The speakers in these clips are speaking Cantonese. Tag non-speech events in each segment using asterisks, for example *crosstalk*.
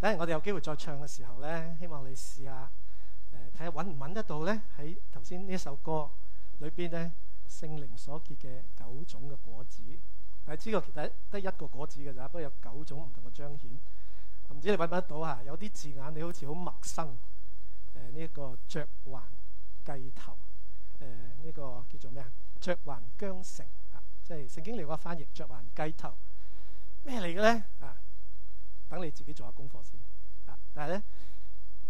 等陣我哋有機會再唱嘅時候咧，希望你試下，誒睇下揾唔揾得到咧？喺頭先呢一首歌裏邊咧，聖靈所結嘅九種嘅果子，但係知道其實得一個果子嘅咋，不過有九種唔同嘅彰顯。唔知你揾唔揾得到嚇？有啲字眼你好似好陌生，誒呢一個雀環雞頭，誒呢個叫做咩啊？雀環姜城，啊！即係聖經你話翻譯，雀環雞頭咩嚟嘅咧？啊！等你自己做下功課先。啊，但係咧，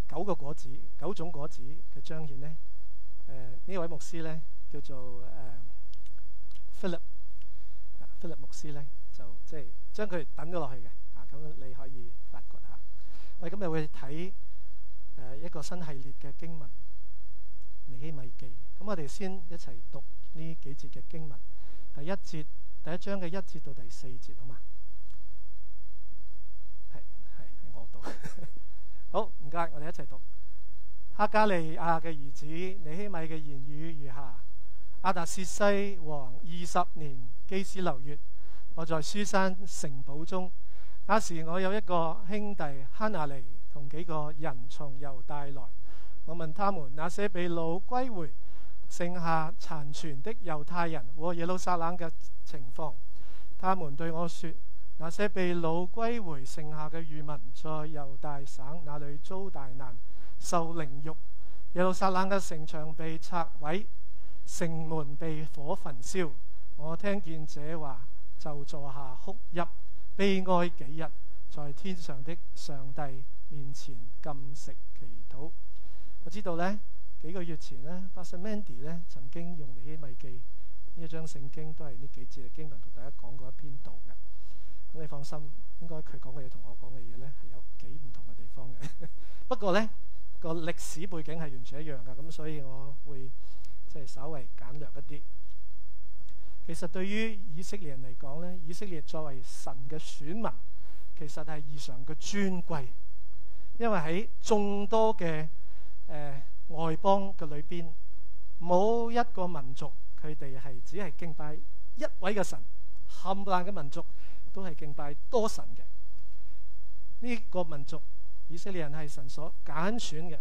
九個果子、九種果子嘅彰顯咧，誒呢位牧師咧叫做誒 Philip，啊 Philip 牧師咧就即係將佢等咗落去嘅。啊，咁你可以發掘下。我哋今日會睇誒一個新系列嘅經文《尼希米記》。咁我哋先一齊讀呢幾節嘅經文，第一節第一章嘅一節到第四節，好嘛？ *laughs* 好，唔該，我哋一齊讀。哈加利亞嘅兒子尼希米嘅言語如下：亞達薛西王二十年基斯流月，我在書山城堡中。那時我有一個兄弟哈拿尼同幾個人從猶大來，我問他們那些被擄歸回、剩下殘存的猶太人和耶路撒冷嘅情況，他們對我說。那些被擄歸回剩下嘅餘民，在猶大省那裏遭大難，受凌辱。耶路撒冷嘅城牆被拆毀，城門被火焚燒。我聽見這話，就坐下哭泣，悲哀幾日，在天上的上帝面前禁食祈禱。我知道呢幾個月前呢阿信 Mandy 呢曾經用《尼希米記》呢一張聖經，都係呢幾節嘅經文同大家講過一篇道嘅。咁你放心，應該佢講嘅嘢同我講嘅嘢呢係有幾唔同嘅地方嘅。 *laughs* 不過呢個歷史背景係完全一樣㗎，咁所以我會即係稍微簡略一啲。其實對於以色列人嚟講呢，以色列作為神嘅選民，其實係異常嘅尊貴，因為喺眾多嘅誒、呃、外邦嘅裏邊，冇一個民族佢哋係只係敬拜一位嘅神冚唪唥嘅民族。都係敬拜多神嘅呢個民族，以色列人係神所揀選嘅。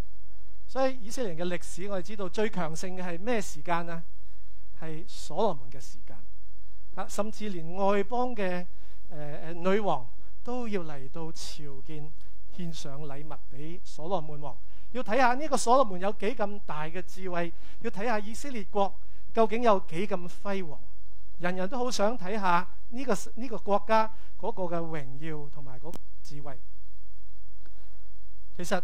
所以以色列人嘅歷史我哋知道最強盛嘅係咩時間呢？係所羅門嘅時間，甚至連外邦嘅、呃、女王都要嚟到朝見，獻上禮物俾所羅門王。要睇下呢個所羅門有幾咁大嘅智慧，要睇下以色列國究竟有幾咁輝煌。人人都好想睇下呢、這個呢、這個國家嗰個嘅榮耀同埋嗰智慧。其實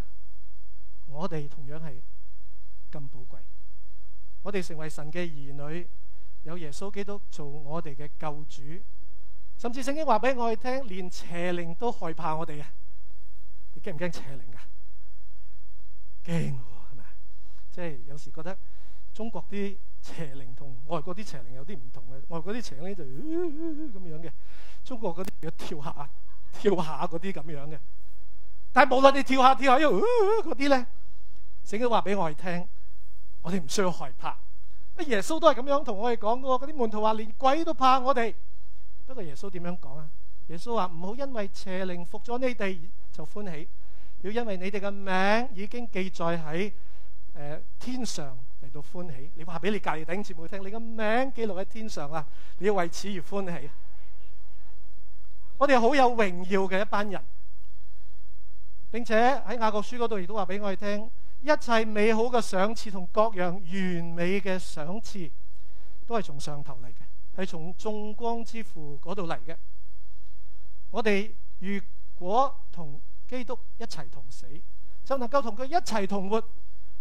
我哋同樣係咁寶貴，我哋成為神嘅兒女，有耶穌基督做我哋嘅救主，甚至聖經話俾我哋聽，連邪靈都害怕我哋啊！你驚唔驚邪靈啊？驚喎，係咪？即係有時覺得中國啲。邪靈同外國啲邪靈有啲唔同嘅，外國啲邪靈就咁樣嘅，中國嗰啲要跳下跳下嗰啲咁樣嘅。但係無論你跳下跳下，嗰啲咧，聖經話俾我哋聽，我哋唔需要害怕。耶穌都係咁樣同我哋講㗎。嗰啲門徒話連鬼都怕我哋。不過耶穌點樣講啊？耶穌話唔好因為邪靈服咗你哋就歡喜，要因為你哋嘅名已經記載喺誒、呃、天上。嚟到歡喜，你話俾你隔離頂姊妹聽，你個名記錄喺天上啦，你要為此而歡喜。我哋好有榮耀嘅一班人，並且喺雅各書嗰度亦都話俾我哋聽，一切美好嘅賞賜同各樣完美嘅賞賜，都係從上頭嚟嘅，係從眾光之父嗰度嚟嘅。我哋如果同基督一齊同死，就能夠同佢一齊同活。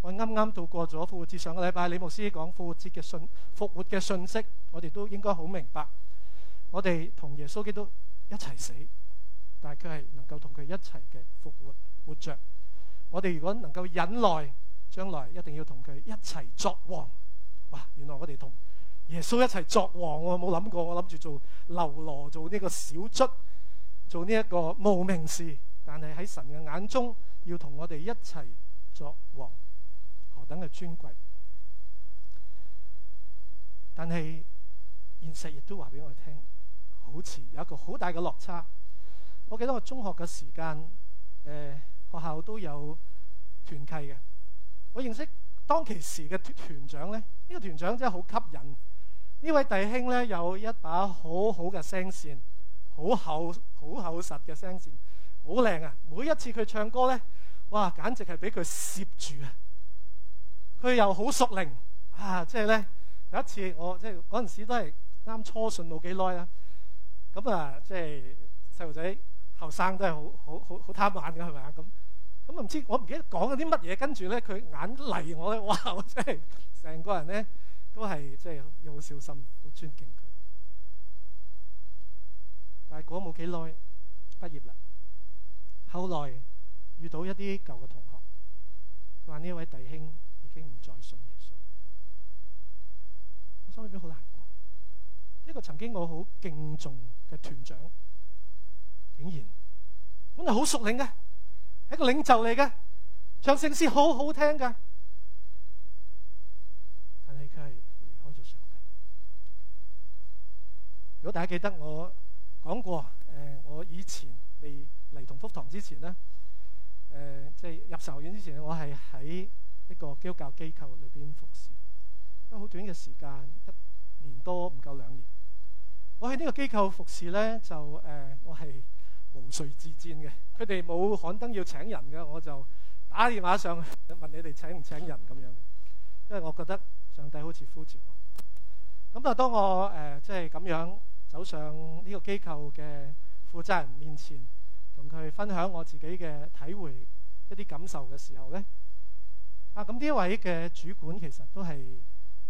我啱啱度過咗復活節，上個禮拜李牧師講復活節嘅信復活嘅信息，我哋都應該好明白。我哋同耶穌基督一齊死，但係佢係能夠同佢一齊嘅復活活着。我哋如果能夠忍耐，將來一定要同佢一齊作王。哇！原來我哋同耶穌一齊作王，我冇諗過。我諗住做流羅做呢個小卒，做呢一個無名氏，但係喺神嘅眼中要同我哋一齊作王。等嘅尊貴，但係現實亦都話俾我聽，好似有一個好大嘅落差。我記得我中學嘅時間，誒、呃、學校都有團契嘅。我認識當其時嘅團長咧，呢、呢個團長真係好吸引。呢位弟兄咧有一把好好好嘅聲線，好厚好厚實嘅聲線，好靚啊！每一次佢唱歌咧，哇，簡直係俾佢攝住啊！佢又好熟靈啊！即係咧有一次，我即係嗰陣時都係啱初信冇幾耐啦。咁啊，即係細路仔後生都係好好好好貪玩嘅係咪啊？咁咁唔知我唔記得講咗啲乜嘢，跟住咧佢眼嚟我咧，哇！我真係成個人咧都係即係要好小心、好尊敬佢。但係過咗冇幾耐，畢業啦。後來遇到一啲舊嘅同學，話呢位弟兄。已經唔再信耶穌，我心裏邊好難過。一個曾經我好敬重嘅團長，竟然本嚟好熟領嘅，係一個領袖嚟嘅，唱聖詩好好聽嘅，但係佢係離開咗上帝。如果大家記得我講過，誒，我以前未嚟同福堂之前咧，誒，即係入壽院之前，我係喺。一個基督教機構裏邊服侍，都好短嘅時間，一年多唔夠兩年。我喺呢個機構服侍呢，就誒、呃、我係毛遂自薦嘅，佢哋冇刊登要請人嘅，我就打電話上去問你哋請唔請人咁樣嘅。因為我覺得上帝好似呼召我。咁啊，當我誒即係咁樣走上呢個機構嘅負責人面前，同佢分享我自己嘅體會一啲感受嘅時候呢。啊，咁呢位嘅主管其實都係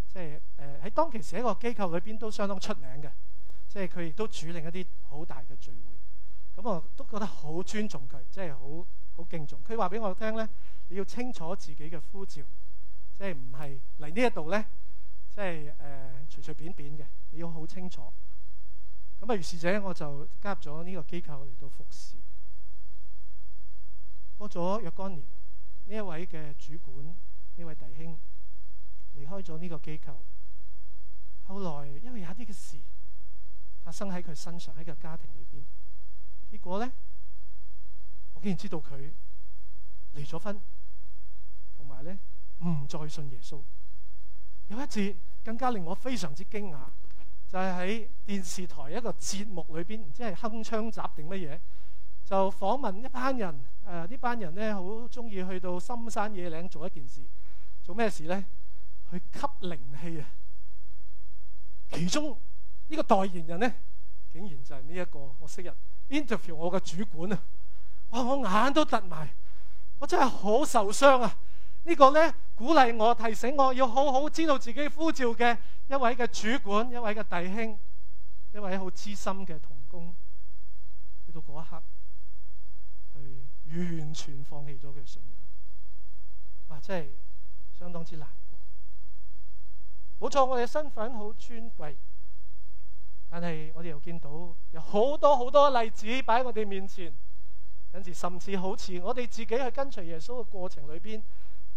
即係誒喺當其時喺個機構裏邊都相當出名嘅，即係佢亦都主領一啲好大嘅聚會。咁我都覺得好尊重佢，即係好好敬重。佢話俾我聽咧，你要清楚自己嘅呼召，即係唔係嚟呢一度咧，即係誒隨隨便便嘅，你要好清楚。咁啊，於是者我就加入咗呢個機構嚟到服侍。過咗若干年。呢一位嘅主管，呢位弟兄離開咗呢個機構，後來因為有一啲嘅事發生喺佢身上，喺個家庭裏邊，結果咧，我竟然知道佢離咗婚，同埋咧唔再信耶穌。有一次更加令我非常之驚訝，就係喺電視台一個節目裏邊，唔知係鏗鏘集定乜嘢。就訪問一班人，誒、呃、呢班人咧，好中意去到深山野嶺做一件事，做咩事呢？去吸靈氣啊！其中呢、這個代言人呢，竟然就係呢一個我昔日 interview 我嘅主管啊！哇、哦！我眼都突埋，我真係好受傷啊！呢、這個呢，鼓勵我、提醒我要好好知道自己呼召嘅一位嘅主管、一位嘅弟兄、一位好知心嘅同工，去到嗰一刻。完全放棄咗佢信仰，哇！真係相當之難過。冇錯，我哋嘅身份好尊貴，但係我哋又見到有好多好多例子擺喺我哋面前，有時甚至好似我哋自己去跟隨耶穌嘅過程裏邊，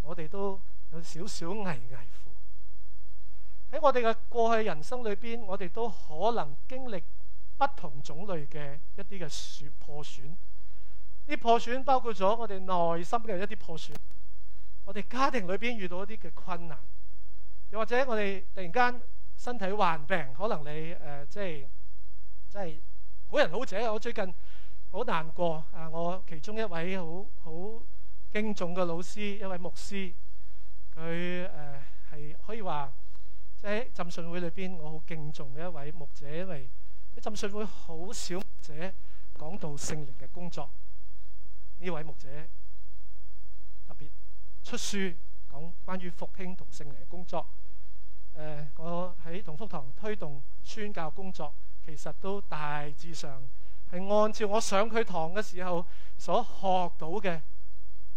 我哋都有少少危危乎。喺我哋嘅過去人生裏邊，我哋都可能經歷不同種類嘅一啲嘅損破損。呢啲破損包括咗我哋內心嘅一啲破損，我哋家庭裏面遇到一啲嘅困難，又或者我哋突然間身體患病，可能你誒、呃、即係即係好人好者。我最近好難過啊！我其中一位好好敬重嘅老師，一位牧師，佢誒係可以話即係浸信會裏邊我好敬重嘅一位牧者，因為啲浸信會好少者講到聖靈嘅工作。呢位牧者特別出書，講關於復興同聖靈嘅工作。誒、呃，我喺同福堂推動宣教工作，其實都大致上係按照我上佢堂嘅時候所學到嘅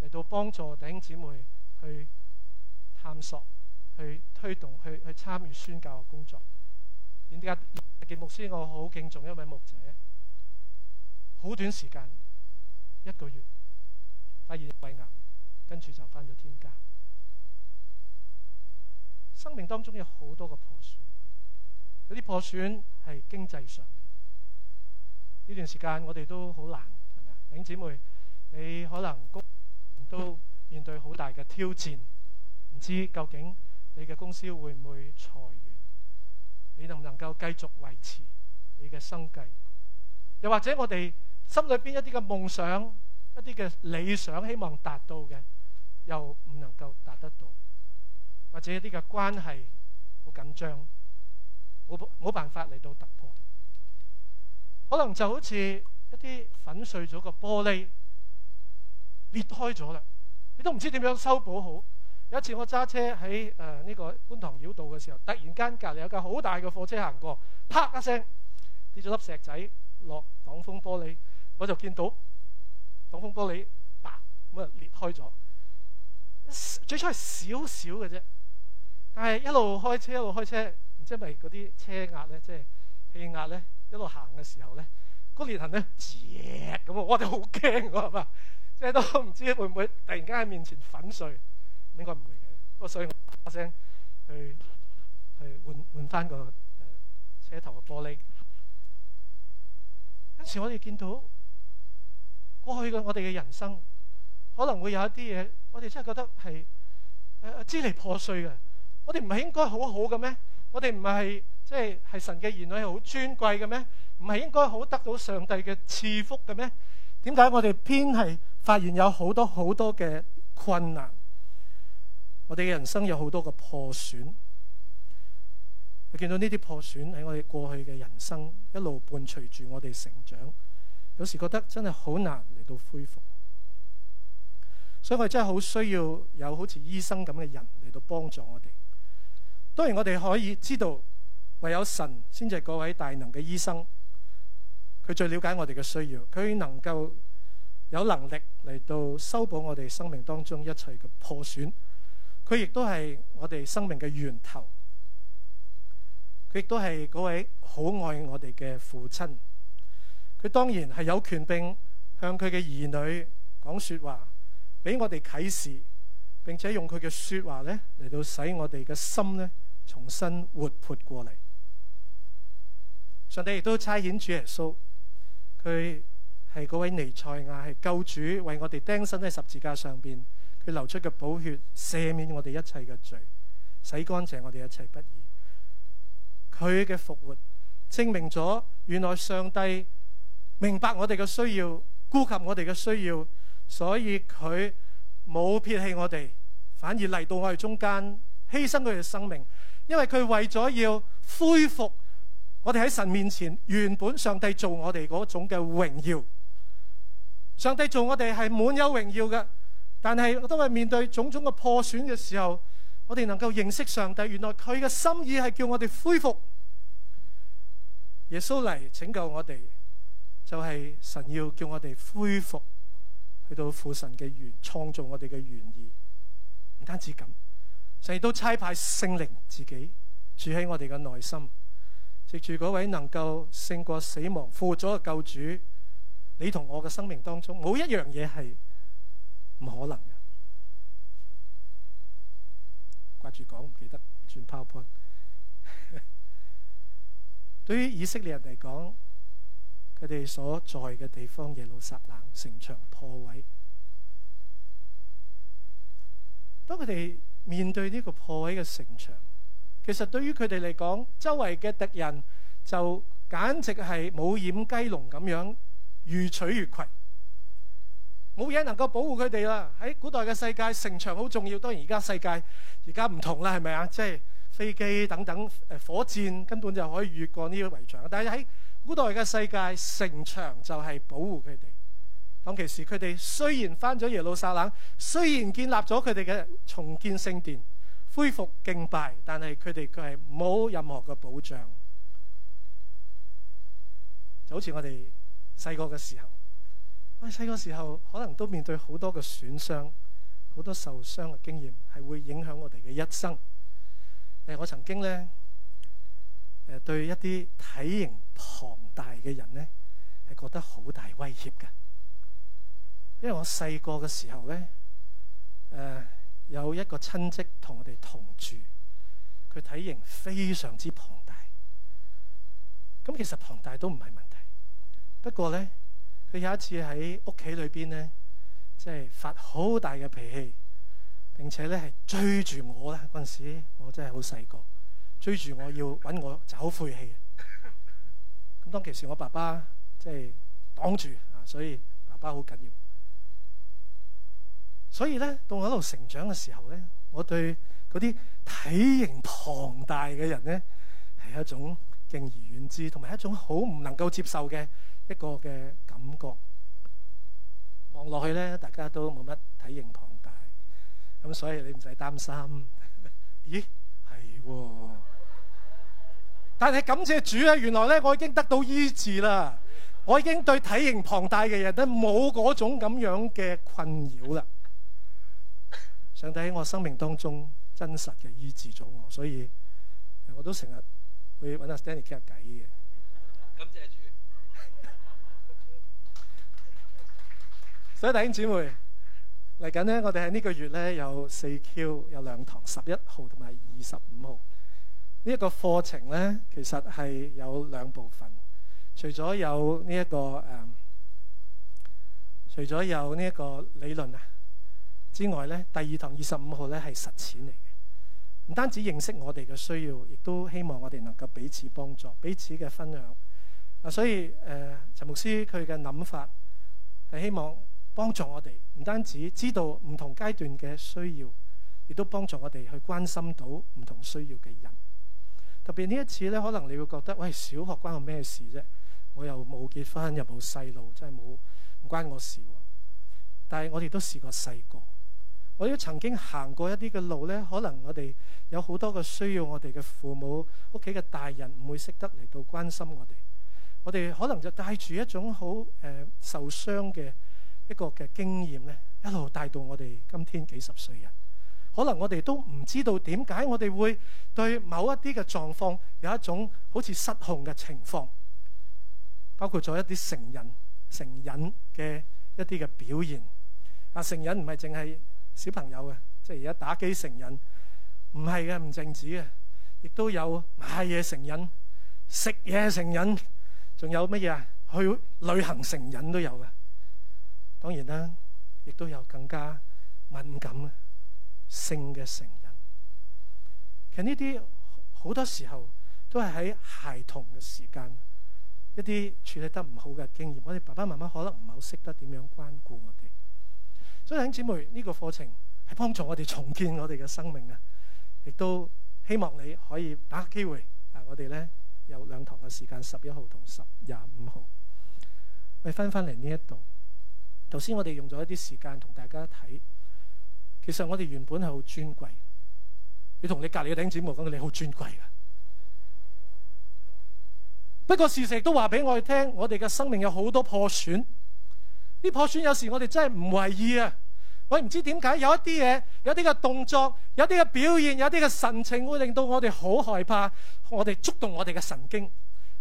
嚟到幫助弟兄姊妹去探索、去推動、去去參與宣教嘅工作。而家嘅牧師，我好敬重一位牧者，好短時間。一個月發現肺癌，跟住就翻咗天家。生命當中有好多個破損，有啲破損係經濟上。呢段時間我哋都好難，係咪啊？弟兄姊妹，你可能人都面對好大嘅挑戰，唔知究竟你嘅公司會唔會裁員，你能唔能夠繼續維持你嘅生計？又或者我哋，心裏邊一啲嘅夢想、一啲嘅理想，希望達到嘅，又唔能夠達得到，或者一啲嘅關係好緊張，冇冇辦法嚟到突破。可能就好似一啲粉碎咗嘅玻璃裂開咗啦，你都唔知點樣修補好。有一次我揸車喺誒呢個觀塘繞道嘅時候，突然間隔離有架好大嘅貨車行過，啪一聲跌咗粒石仔落擋風玻璃。我就見到擋風玻璃白，咁啊裂開咗。最初係少少嘅啫，但係一路開車一路開車，唔知係咪嗰啲車壓咧，即係氣壓咧，一路行嘅時候咧，嗰裂痕咧，咁啊，我哋好驚，係嘛？即係都唔知會唔會突然間喺面前粉碎，應該唔會嘅。不過所以我打聲去去換換翻個，呃，車頭嘅玻璃。跟住我哋見到。過去嘅我哋嘅人生可能會有一啲嘢，我哋真係覺得係支、呃、離破碎嘅。我哋唔係應該很好好嘅咩？我哋唔係即係係神嘅兒女，係好尊貴嘅咩？唔係應該好得到上帝嘅賜福嘅咩？點解我哋偏係發現有好多好多嘅困難？我哋嘅人生有好多嘅破損。我見到呢啲破損喺我哋過去嘅人生一路伴隨住我哋成長，有時覺得真係好難。恢復，所以我真係好需要有好似醫生咁嘅人嚟到幫助我哋。當然我哋可以知道，唯有神先至係嗰位大能嘅醫生，佢最了解我哋嘅需要，佢能夠有能力嚟到修補我哋生命當中一切嘅破損。佢亦都係我哋生命嘅源頭，佢亦都係嗰位好愛我哋嘅父親。佢當然係有權柄，向佢嘅兒女講說話，俾我哋啟示，並且用佢嘅說話咧嚟到使我哋嘅心咧重新活潑過嚟。上帝亦都差遣主耶穌，佢係嗰位尼賽亞，係救主，為我哋釘身喺十字架上邊，佢流出嘅寶血赦免我哋一切嘅罪，洗乾淨我哋一切不義。佢嘅復活證明咗，原來上帝明白我哋嘅需要。顧及我哋嘅需要，所以佢冇撇棄我哋，反而嚟到我哋中間，犧牲佢嘅生命，因為佢為咗要恢復我哋喺神面前原本上帝做我哋嗰種嘅榮耀。上帝做我哋係滿有榮耀嘅，但係當係面對種種嘅破損嘅時候，我哋能夠認識上帝，原來佢嘅心意係叫我哋恢復。耶穌嚟拯救我哋。就係神要叫我哋恢復，去到父神嘅原創造我哋嘅原意，唔單止咁，神亦都差派聖靈自己住喺我哋嘅內心，藉住嗰位能夠勝過死亡復活咗嘅救主，你同我嘅生命當中冇一樣嘢係唔可能嘅。掛住講唔記得，轉 PowerPoint *laughs* 對於以色列人嚟講。佢哋所在嘅地方，耶路撒冷城牆破位。當佢哋面對呢個破位嘅城牆，其實對於佢哋嚟講，周圍嘅敵人就簡直係冇掩雞籠咁樣，予取予攜。冇嘢能夠保護佢哋啦。喺古代嘅世界，城牆好重要。當然而家世界而家唔同啦，係咪啊？即係飛機等等，誒火箭根本就可以越過呢個圍牆。但係喺古代嘅世界，城牆就係保護佢哋。當其時，佢哋雖然翻咗耶路撒冷，雖然建立咗佢哋嘅重建聖殿，恢復敬拜，但係佢哋卻係冇任何嘅保障。就好似我哋細個嘅時候，我哋細個時候可能都面對好多嘅損傷，好多受傷嘅經驗係會影響我哋嘅一生。誒，我曾經呢對一啲體型龐大嘅人呢，係覺得好大威脅嘅。因為我細個嘅時候呢，誒、呃、有一個親戚同我哋同住，佢體型非常之龐大。咁其實龐大都唔係問題，不過呢，佢有一次喺屋企裏邊呢，即、就、係、是、發好大嘅脾氣，並且呢係追住我咧。嗰陣時我真係好細個，追住我要搵我就好晦氣。咁當其時，我爸爸即係擋住，所以爸爸好緊要。所以呢，到我一路成長嘅時候呢，我對嗰啲體型龐大嘅人呢係一種敬而遠之，同埋一種好唔能夠接受嘅一個嘅感覺。望落去呢，大家都冇乜體型龐大，咁所以你唔使擔心。咦，係喎。但係感謝主咧，原來咧，我已經得到醫治啦，我已經對體型龐大嘅人咧冇嗰種咁樣嘅困擾啦。上帝喺我生命當中真實嘅醫治咗我，所以我都成日會揾阿 Stanley 傾下偈嘅。感謝主。所以弟兄姊妹，嚟緊咧，我哋喺呢個月咧有四 Q，有兩堂，十一號同埋二十五號。呢一個課程呢，其實係有兩部分，除咗有呢、這、一個誒、呃，除咗有呢一個理論啊之外咧，第二堂二十五號呢係實踐嚟嘅，唔單止認識我哋嘅需要，亦都希望我哋能夠彼此幫助、彼此嘅分享。所以誒，陳、呃、牧師佢嘅諗法係希望幫助我哋，唔單止知道唔同階段嘅需要，亦都幫助我哋去關心到唔同需要嘅人。特別呢一次咧，可能你會覺得，喂，小學關我咩事啫？我又冇結婚，又冇細路，真係冇唔關我事喎。但係我哋都試過細個，我哋都曾經行過一啲嘅路咧，可能我哋有好多個需要我哋嘅父母屋企嘅大人唔會識得嚟到關心我哋，我哋可能就帶住一種好、呃、受傷嘅一個嘅經驗咧，一路帶到我哋今天幾十歲人。可能我哋都唔知道點解我哋會對某一啲嘅狀況有一種好似失控嘅情況，包括咗一啲成癮成癮嘅一啲嘅表現。啊，成癮唔係淨係小朋友嘅，即係而家打機成癮唔係嘅，唔淨止嘅，亦都有買嘢成癮、食嘢成癮，仲有乜嘢啊？去旅行成癮都有嘅。當然啦，亦都有更加敏感嘅。性嘅成人，其實呢啲好多時候都係喺孩童嘅時間，一啲處理得唔好嘅經驗，我哋爸爸媽媽可能唔係好識得點樣關顧我哋。所以弟兄姊妹，呢個課程係幫助我哋重建我哋嘅生命啊！亦都希望你可以把握機會啊！我哋咧有兩堂嘅時間，十一號同十廿五號，我哋翻翻嚟呢一度。頭先我哋用咗一啲時間同大家睇。其實我哋原本係好尊貴，你同你隔籬嘅頂姊妹講，你好尊貴噶。不過，事實都話俾我哋聽，我哋嘅生命有好多破損。啲破損有時我哋真係唔、啊、為意啊！我唔知點解有一啲嘢，有啲嘅動作，有啲嘅表現，有啲嘅神情，會令到我哋好害怕。我哋觸動我哋嘅神經，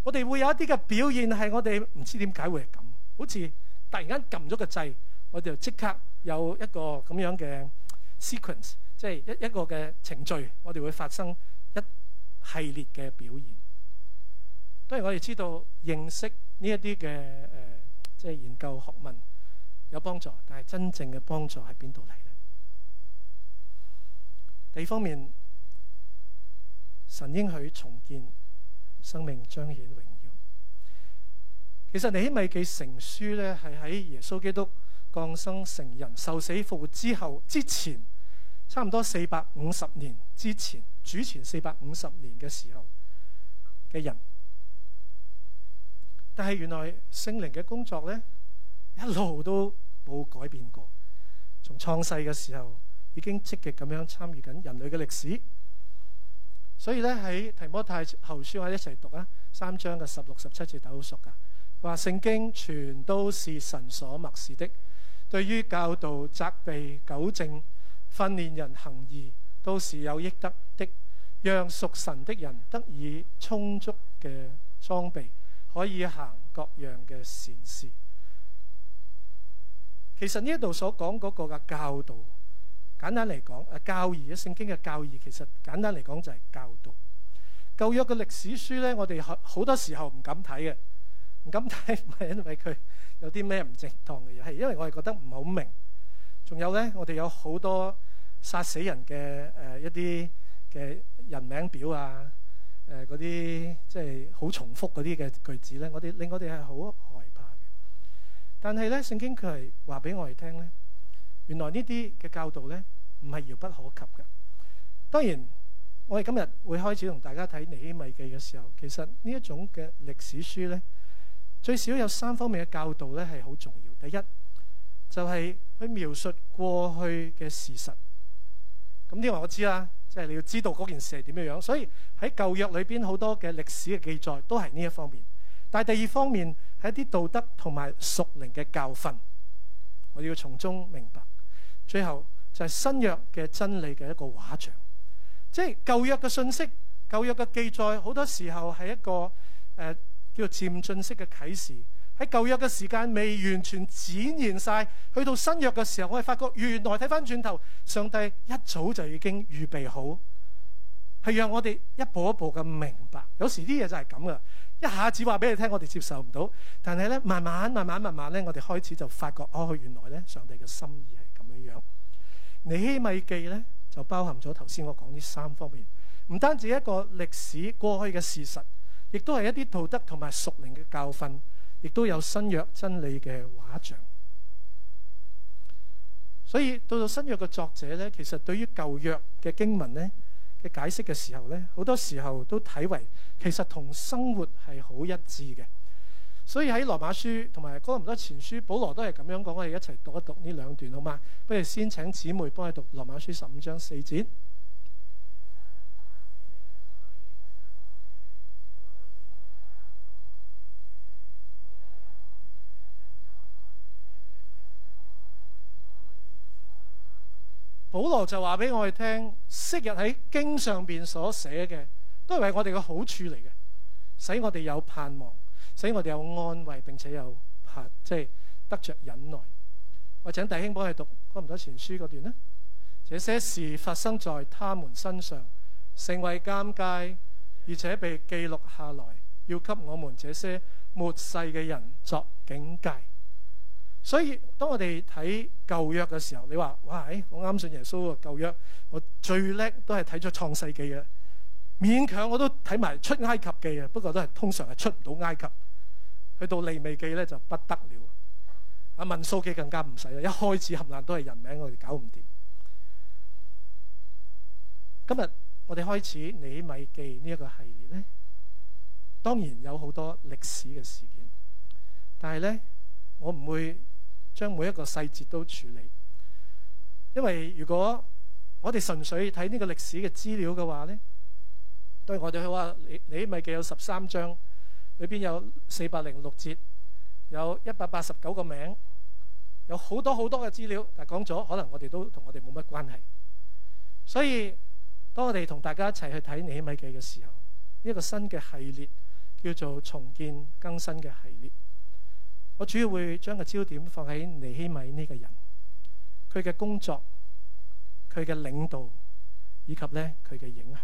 我哋會有一啲嘅表現係我哋唔知點解會係咁。好似突然間撳咗個掣，我哋就即刻有一個咁樣嘅。Sequence 即係一一個嘅程序，我哋會發生一系列嘅表現。當然，我哋知道認識呢一啲嘅誒，即係研究學問有幫助，但係真正嘅幫助喺邊度嚟呢？第二方面，神應許重建生命，彰顯榮耀。其實《尼希米記》成書咧，係喺耶穌基督降生、成人、受死、復活之後之前。差唔多四百五十年之前，主前四百五十年嘅時候嘅人，但係原來聖靈嘅工作呢，一路都冇改變過。從創世嘅時候已經積極咁樣參與緊人類嘅歷史，所以呢，喺提摩太後書喺一齊讀啊，三章嘅十六十七節都好熟噶，佢話聖經全都是神所默示的，對於教導、責備、糾正。訓練人行義都是有益得的，讓屬神的人得以充足嘅裝備，可以行各樣嘅善事。其實呢一度所講嗰個嘅教導，簡單嚟講誒教義啊，聖經嘅教義其實簡單嚟講就係教導。舊約嘅歷史書呢，我哋好多時候唔敢睇嘅，唔敢睇係、就是、因為佢有啲咩唔正當嘅嘢，係因為我哋覺得唔好明。仲有呢，我哋有好多殺死人嘅誒、呃、一啲嘅人名表啊，誒嗰啲即係好重複嗰啲嘅句子呢，我哋令我哋係好害怕嘅。但係呢，聖經佢係話俾我哋聽呢，原來呢啲嘅教導呢唔係遙不可及嘅。當然，我哋今日會開始同大家睇尼希米記嘅時候，其實呢一種嘅歷史書呢，最少有三方面嘅教導呢係好重要。第一，就係去描述過去嘅事實，咁因為我知啦，即係你要知道嗰件事係點樣樣。所以喺舊約裏邊好多嘅歷史嘅記載都係呢一方面。但係第二方面係一啲道德同埋屬靈嘅教訓，我要從中明白。最後就係新約嘅真理嘅一個畫像，即係舊約嘅信息、舊約嘅記載，好多時候係一個誒、呃、叫做漸進式嘅啟示。喺舊約嘅時間未完全展現晒，去到新約嘅時候，我哋發覺原來睇翻轉頭，上帝一早就已經預備好，係讓我哋一步一步咁明白。有時啲嘢就係咁噶，一下子話俾你聽，我哋接受唔到，但係咧慢慢、慢慢、慢慢咧，我哋開始就發覺哦，原來咧上帝嘅心意係咁樣樣。尼希米記咧就包含咗頭先我講呢三方面，唔單止一個歷史過去嘅事實，亦都係一啲道德同埋屬靈嘅教訓。亦都有新約真理嘅畫像，所以到到新約嘅作者呢，其實對於舊約嘅經文呢嘅解釋嘅時候呢，好多時候都睇為其實同生活係好一致嘅。所以喺羅馬書同埋哥林多前書，保羅都係咁樣講。我哋一齊讀一讀呢兩段好嗎？不如先請姊妹幫你讀羅馬書十五章四節。保羅就話俾我哋聽，昔日喺經上邊所寫嘅，都係為我哋嘅好處嚟嘅，使我哋有盼望，使我哋有安慰，並且有即係得着忍耐。我請弟兄幫佢讀《哥林多前書》嗰段呢。這些事發生在他們身上，成為鑑戒，而且被記錄下來，要給我們這些末世嘅人作警戒。所以當我哋睇舊約嘅時候，你話哇唉，我啱信耶穌啊！舊約我最叻都係睇咗創世記嘅，勉強我都睇埋出埃及記啊，不過都係通常係出唔到埃及，去到利未記咧就不得了，啊民數記更加唔使啦，一開始冚唪唥都係人名，我哋搞唔掂。今日我哋開始尼希米記呢一個系列咧，當然有好多歷史嘅事件，但係咧我唔會。將每一個細節都處理，因為如果我哋純粹睇呢個歷史嘅資料嘅話呢，對我哋去話，尼希米記有十三章，裏邊有四百零六節，有一百八十九個名，有好多好多嘅資料，但係講咗，可能我哋都同我哋冇乜關係。所以當我哋同大家一齊去睇尼希米記嘅時候，呢個新嘅系列叫做重建更新嘅系列，我主要會將個焦點放喺尼希米呢個人，佢嘅工作、佢嘅領導以及呢佢嘅影響。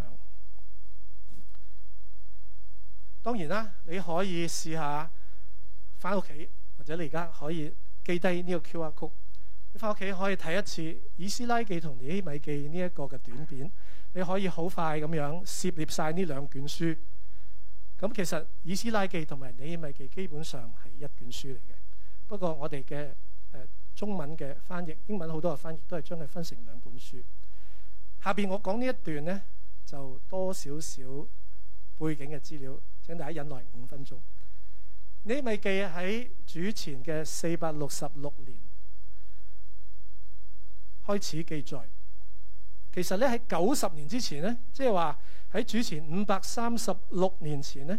當然啦，你可以試下翻屋企，或者你而家可以記低呢個 QR Code。你翻屋企可以睇一次《以斯拉記》同《尼希米記》呢一個嘅短片，你可以好快咁樣涉獵晒呢兩卷書。咁其實《以斯拉記》同埋《尼希米記》基本上係一卷書嚟嘅，不過我哋嘅誒中文嘅翻譯，英文好多嘅翻譯都係將佢分成兩本書。下邊我講呢一段呢，就多少少背景嘅資料，請大家忍耐五分鐘。《尼希米記》喺主前嘅四百六十六年開始記載，其實咧喺九十年之前呢，即係話。喺主前五百三十六年前呢，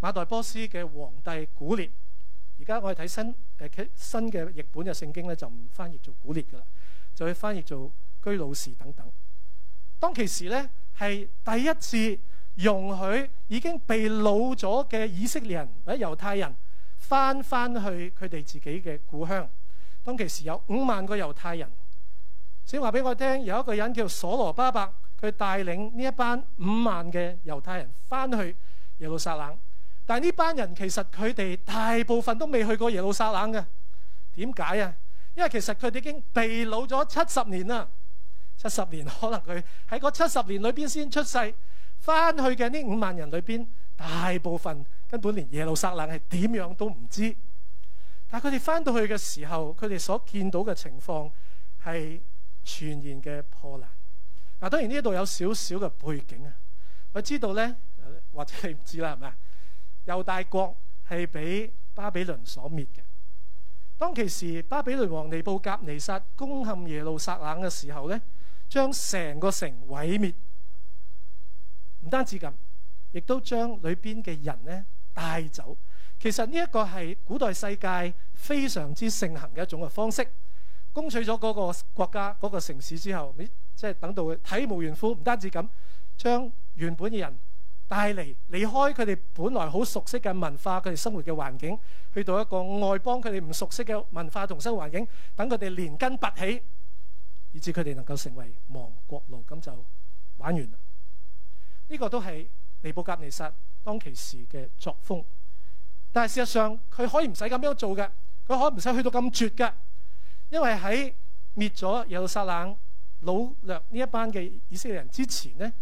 馬代波斯嘅皇帝古列，而家我哋睇新誒新嘅譯本嘅聖經咧，就唔翻譯做古列噶啦，就去翻譯做居魯士等等。當其時咧，係第一次容許已經被擄咗嘅以色列人或者猶太人返返去佢哋自己嘅故鄉。當其時有五萬個猶太人。先話俾我聽，有一個人叫做所羅巴伯。去帶領呢一班五萬嘅猶太人翻去耶路撒冷，但係呢班人其實佢哋大部分都未去過耶路撒冷嘅。點解啊？因為其實佢哋已經被擄咗七十年啦。七十年可能佢喺嗰七十年裏邊先出世，翻去嘅呢五萬人裏邊，大部分根本連耶路撒冷係點樣都唔知。但係佢哋翻到去嘅時候，佢哋所見到嘅情況係全然嘅破爛。嗱，當然呢度有少少嘅背景啊。我知道呢，或者你唔知啦，係咪啊？猶大國係俾巴比倫所滅嘅。當其時，巴比倫王尼布甲尼撒攻陷耶路撒冷嘅時候呢，將成個城毀滅，唔單止咁，亦都將裏邊嘅人呢帶走。其實呢一個係古代世界非常之盛行嘅一種嘅方式。攻取咗嗰個國家嗰個城市之後，你。即係等到佢體無完膚，唔單止咁將原本嘅人帶嚟，離開佢哋本來好熟悉嘅文化，佢哋生活嘅環境，去到一個外邦佢哋唔熟悉嘅文化同生活環境，等佢哋連根拔起，以致佢哋能夠成為亡國奴。咁就玩完啦。呢、這個都係尼布甲尼撒當其時嘅作風，但係事實上佢可以唔使咁樣做嘅，佢可以唔使去到咁絕㗎，因為喺滅咗耶路撒冷，擄掠呢一班嘅以色列人之前呢，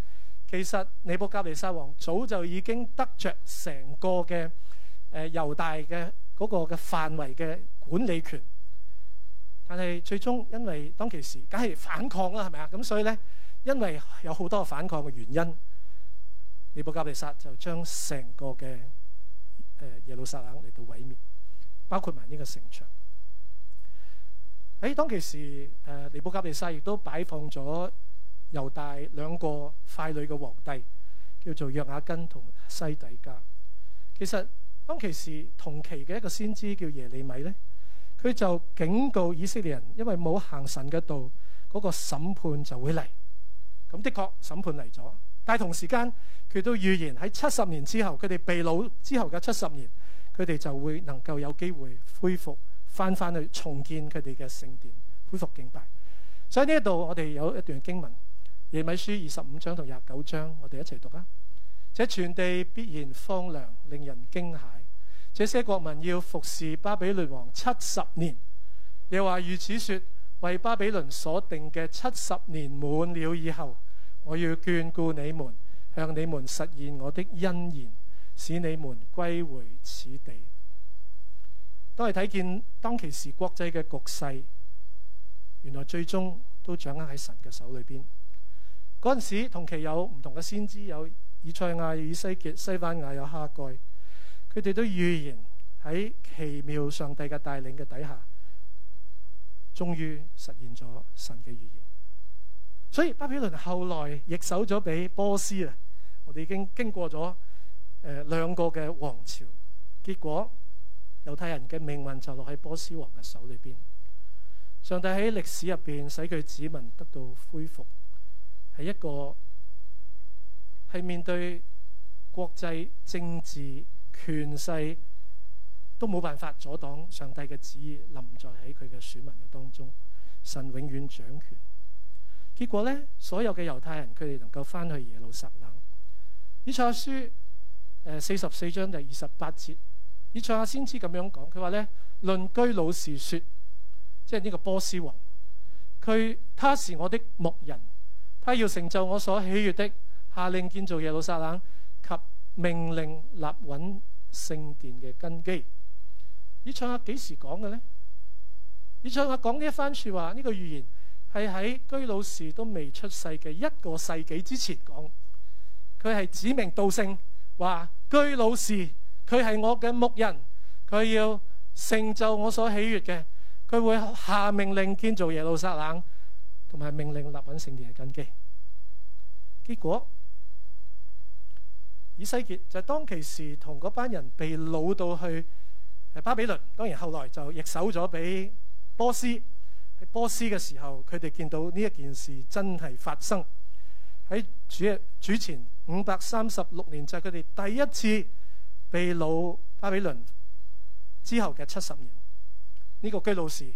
其實尼布甲尼撒王早就已經得着成個嘅誒猶大嘅嗰個嘅範圍嘅管理權，但係最終因為當其時梗係反抗啦，係咪啊？咁所以呢，因為有好多反抗嘅原因，尼布甲尼撒就將成個嘅、呃、耶路撒冷嚟到毀滅，包括埋呢個城牆。誒當其時，尼布甲尼撒亦都擺放咗猶大兩個傀儡嘅皇帝，叫做約雅斤同西底家。其實當其時同期嘅一個先知叫耶利米呢，佢就警告以色列人，因為冇行神嘅道，嗰、嗰個審判就會嚟。咁的確審判嚟咗，但同時間佢都預言喺七十年之後，佢哋被擄之後嘅七十年，佢哋就會能夠有機會恢復。翻翻去重建佢哋嘅聖殿，恢復敬拜。所以呢一度我哋有一段經文，耶米書二十五章同廿九章，我哋一齊讀啊！這全地必然荒涼，令人驚駭。這些國民要服侍巴比倫王七十年。耶和華如此說，為巴比倫所定嘅七十年滿了以後，我要眷顧你們，向你們實現我的恩言，使你們歸回此地。都係睇見當其時國際嘅局勢，原來最終都掌握喺神嘅手裏邊。嗰陣時同期有唔同嘅先知，有以賽亞、以西結、西班牙有哈蓋，佢哋都預言喺奇妙上帝嘅帶領嘅底下，終於實現咗神嘅預言。所以巴比倫後來易手咗俾波斯啊！我哋已經經過咗、呃、兩個嘅王朝，結果。猶太人嘅命運就落喺波斯王嘅手裏邊。上帝喺歷史入邊使佢子民得到恢復，係一個係面對國際政治權勢都冇辦法阻擋上帝嘅旨意臨在喺佢嘅選民嘅當中。神永遠掌權。結果呢，所有嘅猶太人佢哋能夠翻去耶路撒冷。以賽亞書四十四章第二十八節。以賽亞先知咁樣講，佢話呢：「論居魯士說，即係呢個波斯王，佢他，他是我的牧人，他要成就我所喜悅的，下令建造耶路撒冷及命令立穩聖殿嘅根基。以賽亞幾時講嘅呢？以賽亞講呢一番說話，呢、這個預言係喺居魯士都未出世嘅一個世紀之前講，佢係指名道姓話居魯士。佢係我嘅牧人，佢要成就我所喜悅嘅。佢會下命令建造耶路撒冷，同埋命令立穩聖殿嘅根基。結果以西結就當其時同嗰班人被擄到去巴比倫，當然後來就易手咗俾波斯。喺波斯嘅時候，佢哋見到呢一件事真係發生喺主主前五百三十六年，就係佢哋第一次。被擄巴比倫之後嘅七十年，呢、這個居魯士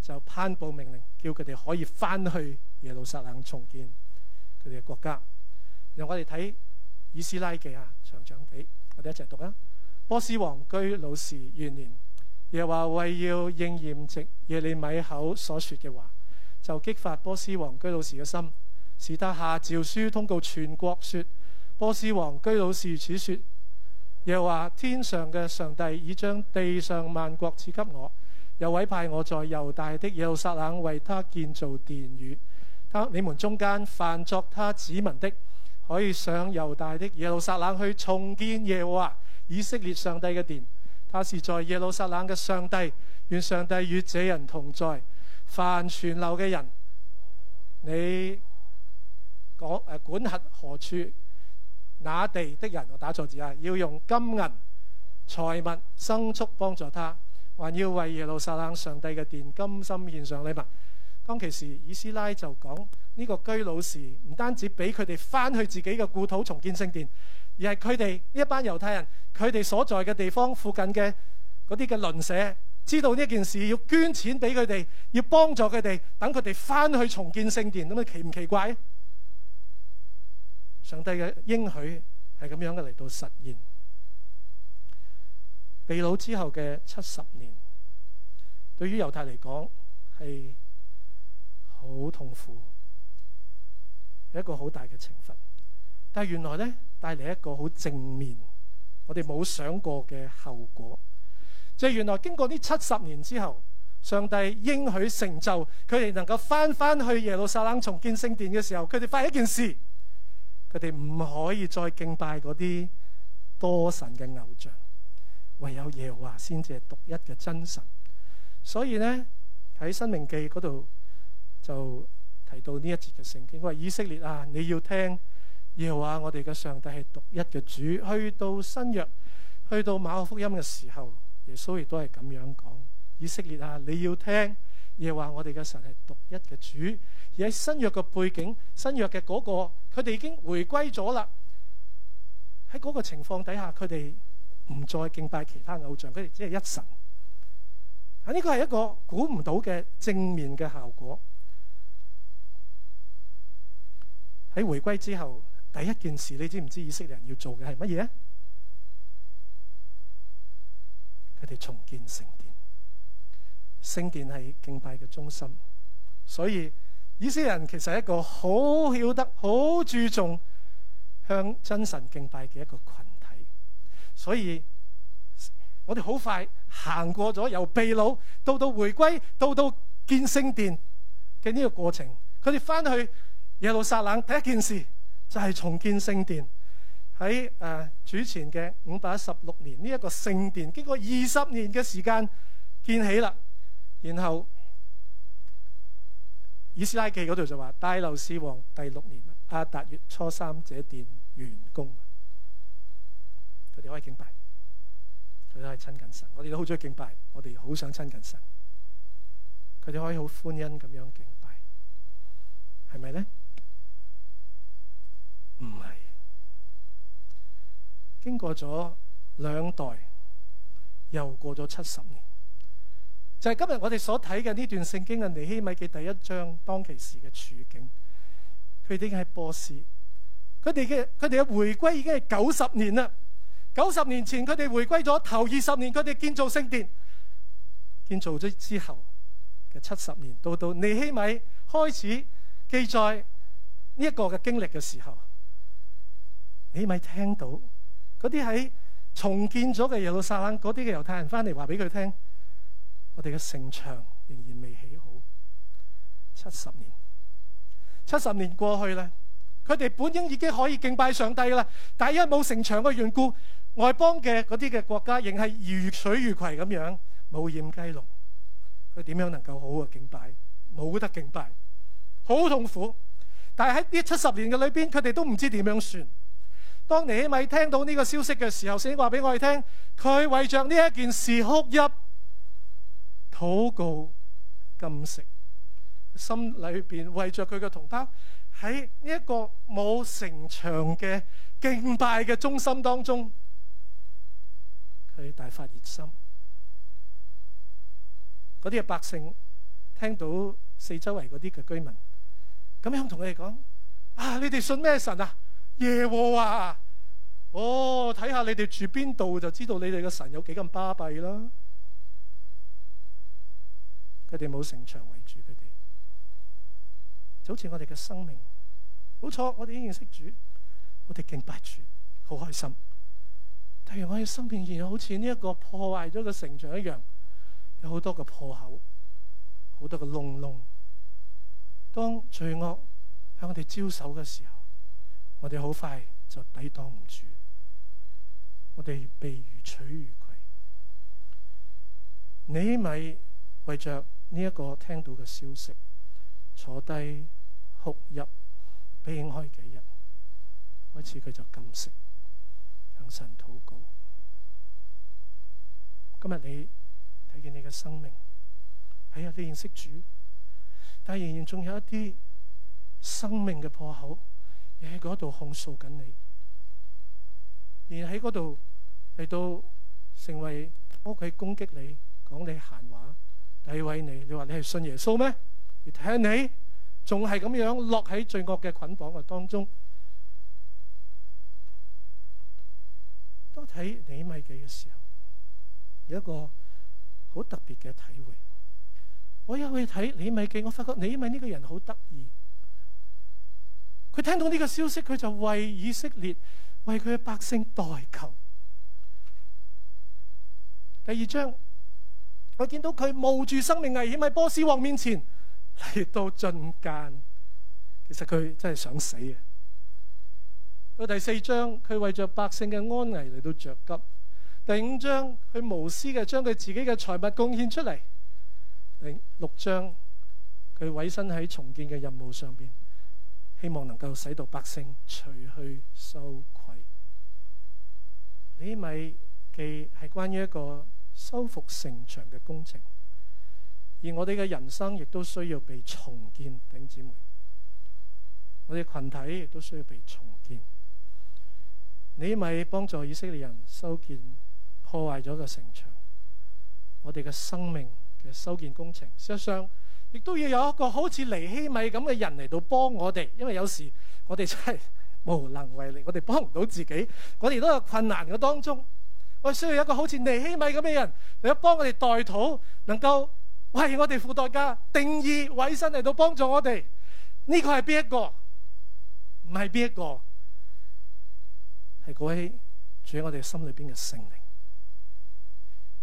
就頒布命令，叫佢哋可以翻去耶路撒冷重建佢哋嘅國家。讓我哋睇以斯拉記啊，長長地我哋一齊讀啊。波斯王居魯士元年，耶和華為要應驗藉耶利米口所說嘅話，就激發波斯王居魯士嘅心，使他下詔書通告全國說：波斯王居魯士此說。又話天上嘅上帝已將地上萬國賜給我，又委派我在猶大的耶路撒冷為他建造殿宇。他你們中間凡作他子民的，可以上猶大的耶路撒冷去重建耶和華以色列上帝嘅殿。他是在耶路撒冷嘅上帝，願上帝與這人同在。凡全流嘅人，你講、啊、管轄何處？那地的人，我打錯字啊，要用金銀財物牲畜幫助他，還要為耶路撒冷上帝嘅殿甘心獻上禮物。當其時，以斯拉就講，呢個居老士唔單止俾佢哋翻去自己嘅故土重建聖殿，而係佢哋一班猶太人佢哋所在嘅地方附近嘅嗰啲嘅鄰舍，知道呢件事要捐錢俾佢哋，要幫助佢哋，等佢哋翻去重建聖殿，咁你奇唔奇怪？上帝嘅應許係咁樣嘅嚟到實現，被擄之後嘅七十年，對於猶太嚟講係好痛苦，係一個好大嘅懲罰。但係原來呢，帶嚟一個好正面，我哋冇想過嘅後果。即係原來經過呢七十年之後，上帝應許成就，佢哋能夠翻翻去耶路撒冷重建聖殿嘅時候，佢哋發現一件事。佢哋唔可以再敬拜嗰啲多神嘅偶像，唯有耶和華先至係獨一嘅真神。所以呢，喺申命記嗰度就提到呢一節嘅聖經，佢話以色列啊，你要聽耶和華我哋嘅上帝係獨一嘅主。去到新約，去到馬可福音嘅時候，耶穌亦都係咁樣講：以色列啊，你要聽耶和華我哋嘅神係獨一嘅主。而喺新約嘅背景，新約嘅嗰個，佢哋已經回歸咗啦。喺嗰個情況底下，佢哋唔再敬拜其他偶像，佢哋只係一神。啊，呢個係一個估唔到嘅正面嘅效果。喺回歸之後，第一件事，你知唔知以色列人要做嘅係乜嘢？佢哋重建聖殿，聖殿係敬拜嘅中心，所以。以色列人其實係一個好曉得好注重向真神敬拜嘅一個群體，所以我哋好快行過咗由被擄到到回歸到到建聖殿嘅呢個過程。佢哋翻去耶路撒冷第一件事就係重建聖殿。喺主前嘅五百一十六年呢一個聖殿，經過二十年嘅時間建起啦，然後。以斯拉記嗰度就話，大流士王第六年，阿達月初三這殿完工，佢哋可以敬拜，佢都係親近神，我哋都好中意敬拜，我哋好想親近神，佢哋可以好歡欣咁樣敬拜，係咪呢？唔係是，經過咗兩代，又過咗七十年。就係今日我哋所睇嘅呢段聖經嘅尼希米嘅第一章，當其時嘅處境，佢哋已經係波斯。佢哋嘅佢哋嘅回歸已經係九十年啦。九十年前佢哋回歸咗頭二十年，佢哋建造聖殿，建造咗之後嘅七十年，到到尼希米開始記載呢一個嘅經歷嘅時候，尼希米聽到嗰啲喺重建咗嘅耶路撒冷嗰啲嘅猶太人翻嚟話俾佢聽。我哋嘅城牆仍然未起好，七十年，七十年過去咧，佢哋本應已經可以敬拜上帝啦，但因為冇城牆嘅緣故，外邦嘅嗰啲嘅國家仍係如水如葵咁樣冇掩雞籠，佢點樣能夠好啊？敬拜冇得敬拜，好痛苦。但係喺呢七十年嘅裏邊，佢哋都唔知點樣算。當尼希米聽到呢個消息嘅時候，先話俾我哋聽，佢為着呢一件事哭泣。禱告、禁食，心裏邊為着佢嘅同胞，喺呢一個冇城牆嘅敬拜嘅中心當中，佢大發熱心。嗰啲嘅百姓聽到四周圍嗰啲嘅居民，咁樣同佢哋講：啊，你哋信咩神啊？耶和華。哦，睇下你哋住邊度，就知道你哋嘅神有幾咁巴閉啦。佢哋冇城牆圍住，佢哋就好似我哋嘅生命。冇錯，我哋已經認識主，我哋敬拜主，好開心。但係我哋生命仍然好似呢一個破壞咗嘅城牆一樣，有好多嘅破口，好多嘅窿窿。當罪惡向我哋招手嘅時候，我哋好快就抵擋唔住，我哋被如取如棄。你咪為着。呢一個聽到嘅消息，坐低哭泣，悲哀幾日，開始佢就禁食，向神禱告。今日你睇見你嘅生命喺呀，哎，你認識主，但係仍然仲有一啲生命嘅破口，亦喺嗰度控訴緊你，而喺嗰度嚟到成為屋企攻擊你，講你閒話。體會你，你話你係信耶穌咩？你睇下你，仲係咁樣落喺罪惡嘅捆綁嘅當中，都睇尼希米記嘅時候，有一個好特別嘅體會。我一去睇尼希米記，我發覺尼希米呢個人好得意。佢聽到呢個消息，佢就為以色列、為佢嘅百姓代求。第二章。我見到佢冒住生命危險喺波斯王面前嚟到進諫，其實佢真係想死嘅。到第四章，佢為着百姓嘅安危嚟到着急；第五章，佢無私嘅將佢自己嘅財物貢獻出嚟；第六章，佢委身喺重建嘅任務上邊，希望能夠使到百姓除去羞愧。呢咪既係關於一個？修復城牆嘅工程，而我哋嘅人生亦都需要被重建，弟兄姊妹，我哋群體亦都需要被重建。尼希米幫助以色列人修建破壞咗嘅城牆，我哋嘅生命嘅修建工程，事實上亦都要有一個好似尼希米咁嘅人嚟到幫我哋，因為有時我哋真係無能為力，我哋幫唔到自己，我哋都有困難嘅當中。我需要一個好似尼希米咁嘅人嚟到幫我哋代禱，能夠為我哋付代價、定義委身嚟到幫助我哋。呢、這個係邊一個？唔係邊一個？係嗰位住喺我哋心裏邊嘅聖靈。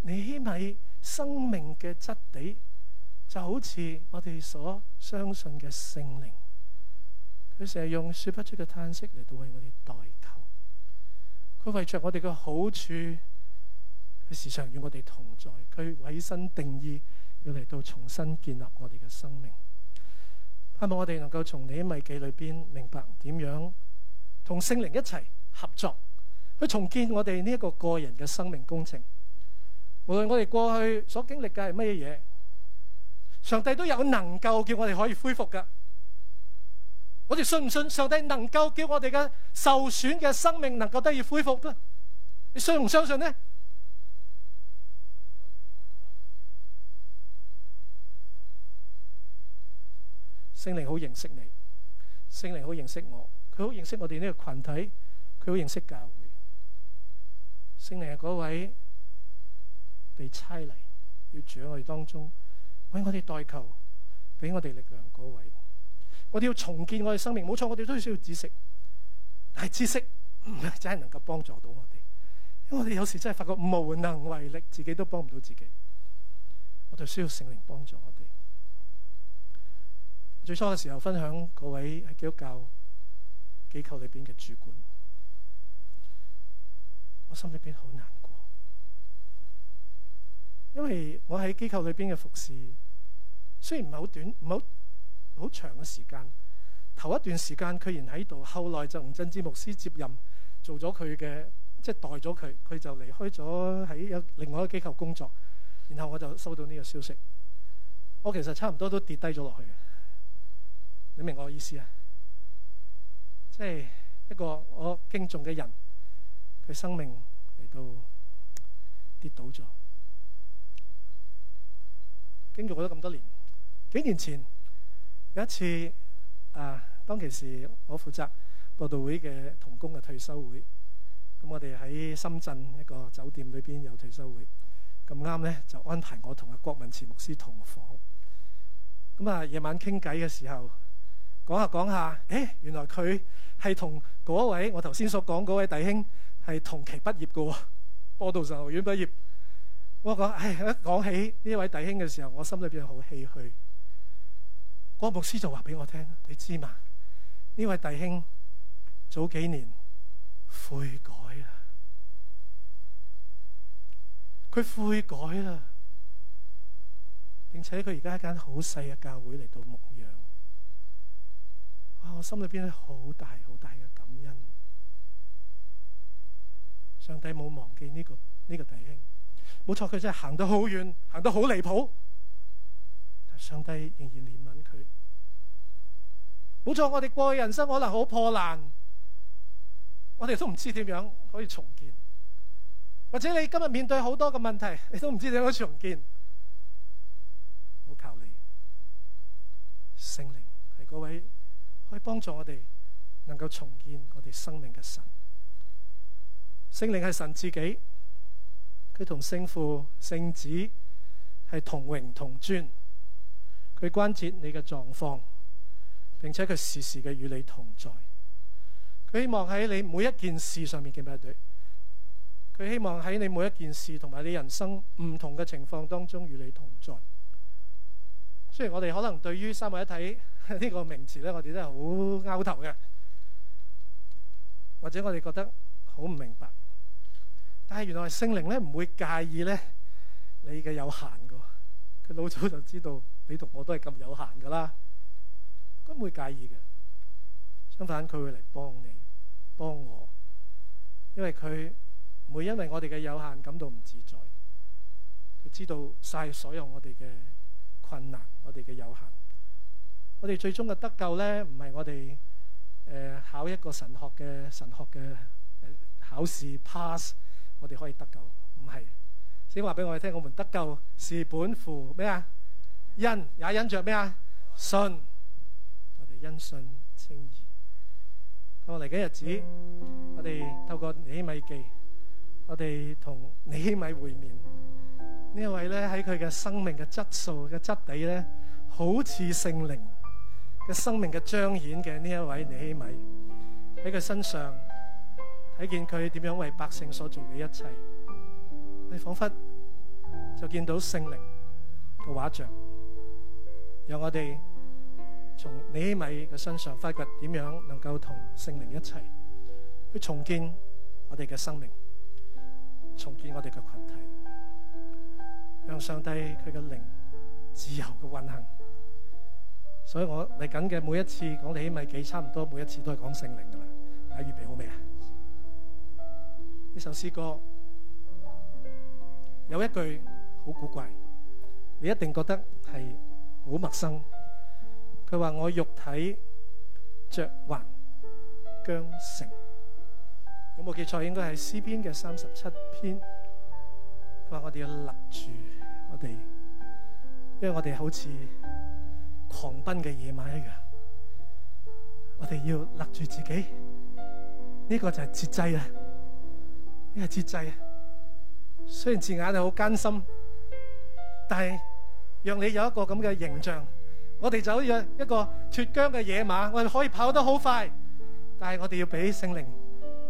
尼希米生命嘅質地就好似我哋所相信嘅聖靈，佢成日用說不出嘅嘆息嚟到為我哋代禱，佢為着我哋嘅好處。佢時常與我哋同在，佢委身定意要嚟到重新建立我哋嘅生命。盼望我哋能夠從尼希米記裏邊明白點樣同聖靈一齊合作，去重建我哋呢一個個人嘅生命工程。無論我哋過去所經歷嘅係咩嘢，上帝都有能夠叫我哋可以恢復㗎。我哋信唔信上帝能夠叫我哋嘅受損嘅生命能夠得以恢復咧？你相唔相信呢？聖靈好認識你，聖靈好認識我，佢好認識我哋呢個群體，佢好認識教會。聖靈係嗰位被差嚟，要住喺我哋當中，為我哋代求，俾我哋力量嗰位。我哋要重建我哋生命，冇錯，我哋都需要知識，但係知識唔係、嗯、真係能夠幫助到我哋，因為我哋有時真係發覺無能為力，自己都幫唔到自己，我哋需要聖靈幫助我哋。最初嘅時候，分享嗰位喺基督教機構裏邊嘅主管，我心裏邊好難過，因為我喺機構裏邊嘅服侍雖然唔係好短，唔係好長嘅時間。頭一段時間居然喺度，後來就吳振志牧師接任做咗佢嘅，即係代咗佢。佢就離開咗喺有另外一個機構工作，然後我就收到呢個消息，我其實差唔多都跌低咗落去了。你明我意思啊？即係一個我敬重嘅人，佢生命嚟到跌倒咗。經過咗咁多年，幾年前有一次，啊，當其時我負責播道會嘅同工嘅退休會，咁我哋喺深圳一個酒店裏邊有退休會，咁啱咧就安排我同阿郭文慈牧師同房。咁啊，夜晚傾偈嘅時候。講下講下，誒、欸，原來佢係同嗰位我頭先所講嗰位弟兄係同期畢業㗎喎，播道神學院畢業。我講，唉、欸，一講起呢位弟兄嘅時候，我心裏邊好唏噓。嗰、那個、牧師就話俾我聽，你知嘛？呢位弟兄早幾年悔改啦，佢悔改啦，並且佢而家一間好細嘅教會嚟到牧。我心裏邊咧，好大好大嘅感恩，上帝冇忘記呢、個呢、個弟兄沒錯他，冇錯，佢真係行到好遠，行得好離譜，但上帝仍然憐憫佢。冇錯，我哋過去人生可能好破爛，我哋都唔知點樣可以重建，或者你今日面對好多嘅問題，你都唔知點樣重建。好靠你，聖靈係各位。可以幫助我哋能夠重建我哋生命嘅神，聖靈係神自己，佢同聖父、聖子係同榮同尊，佢關切你嘅狀況，並且佢時時嘅與你同在，佢希望喺你每一件事上面見面對，佢希望喺你每一件事同埋你人生唔同嘅情況當中與你同在。雖然我哋可能對於三位一體。呢個名詞咧，我哋都係好拗頭嘅，或者我哋覺得好唔明白。但係原來聖靈咧唔會介意咧你嘅有限㗎，佢老早就知道你同我都係咁有限噶啦，佢唔會介意嘅，相反佢會嚟幫你幫我，因為佢唔會因為我哋嘅有限感到唔自在。佢知道晒所有我哋嘅困難，我哋嘅有限。.我哋最終嘅得救咧，唔係我哋誒考一個神學嘅神學嘅考試 pass，我哋可以得救，唔係先話俾我哋聽。我們得救是本乎咩啊？恩也因著咩啊？信我哋因信稱義。到嚟嘅日子，我哋透過尼希米記，我哋同尼希米會面呢一位咧，喺佢嘅生命嘅質素嘅質地咧，好似聖靈。嘅生命嘅彰顯嘅呢一位尼希米，喺佢身上睇見佢點樣為百姓所做嘅一切，你仿佛就見到聖靈嘅畫像，讓我哋從尼希米嘅身上發掘點樣能夠同聖靈一齊去重建我哋嘅生命，重建我哋嘅群體，讓上帝佢嘅靈自由嘅運行。所以我嚟緊嘅每一次，講你起咪幾差唔多，每一次都係講聖靈噶啦。大家預備好未啊？呢首詩歌有一句好古怪，你一定覺得係好陌生。佢話：我肉體著還僵城。有冇記錯？應該係詩篇嘅三十七篇。佢話：我哋要立住我哋，因為我哋好似。狂奔嘅野馬一樣，我哋要勒住自己，呢、這個就係節制啊！呢、這個節制啊！雖然字眼係好艱辛，但係讓你有一個咁嘅形象，我哋就好似一個脫韁嘅野馬，我哋可以跑得好快，但係我哋要俾聖靈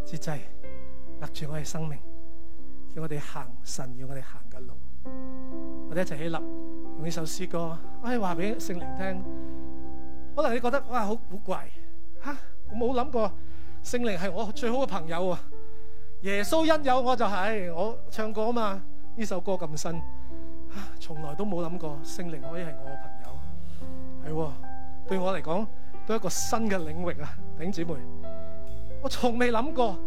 節制，勒住我哋生命，叫我哋行神要我哋行嘅路。我哋一齊起，起立，用呢首詩歌。我係話俾聖靈聽，可能你覺得哇好古怪，吓我冇諗過聖靈係我最好嘅朋友，耶穌恩友我就係、是、我唱過啊嘛，呢首歌咁新，吓從來都冇諗過聖靈可以係我嘅朋友，係對，啊、對我嚟講都係一個新嘅領域啊！頂姊妹，我從未諗過，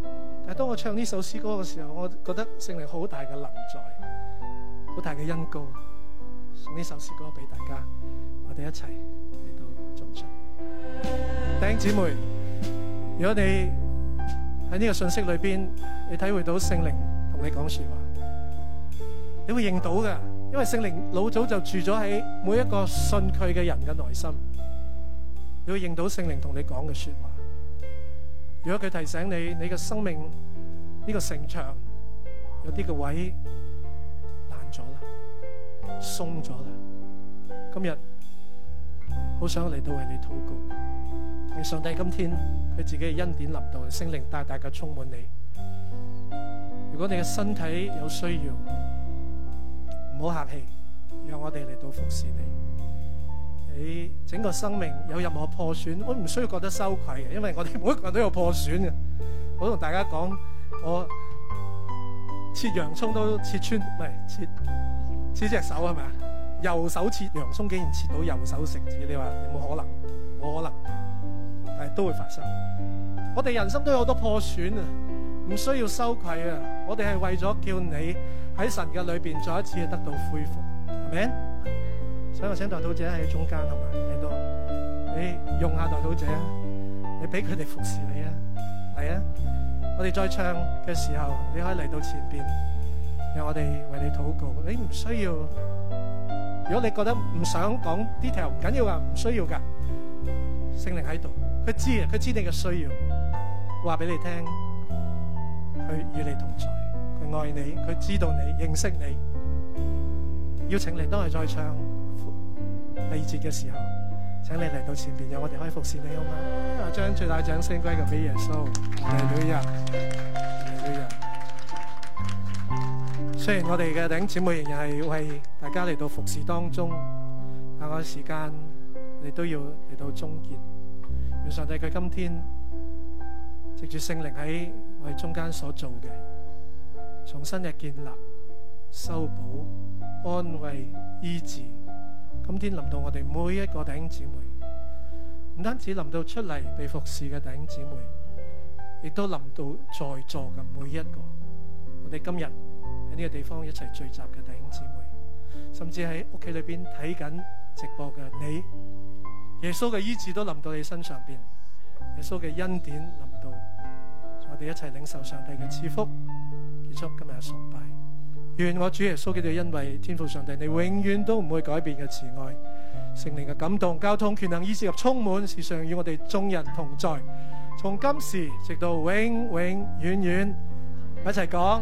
但係當我唱呢首詩歌嘅時候，我覺得聖靈好大嘅臨在，好大嘅恩膏。送呢首詩歌俾大家，我哋一齊嚟到頌唱。弟兄姊妹，如果你喺呢個信息裏邊，你體會到聖靈同你講說話，你會認到㗎，因為聖靈老早就住咗喺每一個信佢嘅人嘅內心，你會認到聖靈同你講嘅說話。如果佢提醒你，你嘅生命呢個城牆有啲個位爛咗啦。鬆咗啦！今日好想嚟到為你禱告。你上帝今天佢自己嘅恩典臨到，聖靈大大嘅充滿你。如果你嘅身體有需要，唔好客氣，讓我哋嚟到服侍你。你整個生命有任何破損，我唔需要覺得羞愧嘅，因為我哋每一個人都有破損嘅。我同大家講，我切洋蔥都切穿，唔係切，似隻手，係咪右手，切洋葱竟然切到右手食指，你話有冇可能？冇可能，但係都會發生。我哋人生都有好多破損啊，唔需要羞愧啊。我哋係為咗叫你喺神嘅裏邊再一次得到恢復，係咪？所以我請代禱者喺中間，係咪嚟到？你用下代禱者啊，你俾佢哋服侍你啊，係啊。我哋再唱嘅時候，你可以嚟到前邊。有我哋為你禱告，你唔需要。如果你覺得唔想講 detail，唔緊要噶，唔需要噶。聖靈喺度，佢知啊，佢知你嘅需要，話俾你聽。佢與你同在，佢愛你，佢知道你，認識你。要請你都係再唱第二節嘅時候，請你嚟到前邊，有我哋可以服侍你，好嗎？將最大掌聲歸個俾耶穌，耶穌，耶穌。雖然我哋嘅弟兄姊妹仍然係為大家嚟到服侍當中，但個時間亦都要嚟到終結。願上帝佢今天藉住聖靈喺我哋中間所做嘅，重新嘅建立、修補、安慰、醫治，今天臨到我哋每一個弟兄姊妹，唔單止臨到出嚟被服侍嘅弟兄姊妹，亦都臨到在座嘅每一個。我哋今日。喺呢個地方一齊聚集嘅弟兄姊妹，甚至喺屋企裏邊睇緊直播嘅你，耶穌嘅醫治都臨到你身上邊，耶穌嘅恩典臨到我哋一齊領受上帝嘅賜福。結束今日嘅崇拜，願我主耶穌基督嘅恩惠、天父上帝，你永遠都唔會改變嘅慈愛、聖靈嘅感動、交通、權能、醫治及充滿，時常與我哋眾人同在，從今時直到永永遠遠。一齊講。